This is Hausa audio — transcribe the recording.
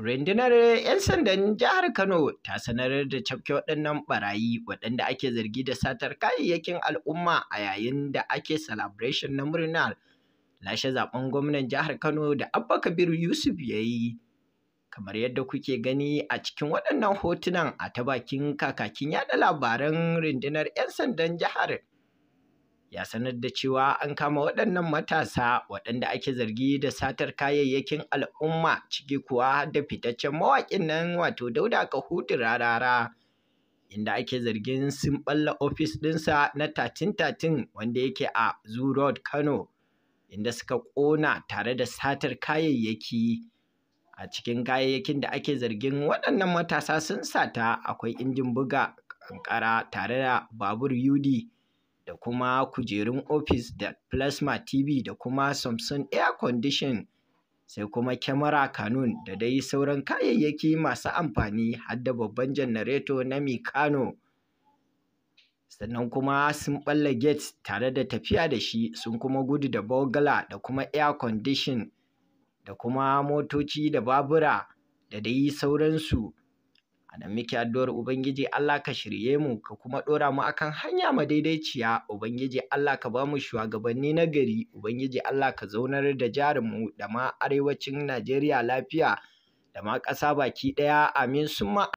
Rundunar 'yan sandan jihar Kano ta sanar da cafke waɗannan barayi waɗanda ake zargi da satar kayayyakin al'umma a yayin da ake celebration na murna lashe zaben gwamnan jihar Kano da Abba Kabir Yusuf ya yi. Kamar yadda kuke gani a cikin waɗannan hotunan a ta bakin kakakin yaɗa labaran rundunar 'yan sandan jihar ya sanar da cewa an kama waɗannan matasa waɗanda ake zargi da satar kayayyakin al'umma ciki kuwa da fitaccen mawaƙin nan wato dauda kahutu rarara inda ake zargin sun ɓalla ofis ɗinsa na tatin-tatin wanda yake a zoo road kano inda suka ƙona tare da satar kayayyaki a cikin kayayyakin da ake zargin waɗannan matasa sun sata akwai injin buga ƙanƙara tare da babur yudi da kuma kujerun ofis da plasma TV da kuma Samsung air condition sai kuma kyamara kanun da dai sauran kayayyaki masu amfani har da babban janareto na Mikano. Sannan kuma sun ɓalla gate tare da tafiya da shi sun kuma gudu da bogala da kuma air condition da kuma motoci da babura da dai sauransu. a muke addu'ar ubangiji Allah ka shirye mu ka kuma ɗora mu akan hanya madaidaiciya ubangiji Allah ka ba mu shugabanni na gari ubangiji Allah ka zaunar da jarinmu da ma arewacin Najeriya lafiya da ma ƙasa baki ɗaya amin summa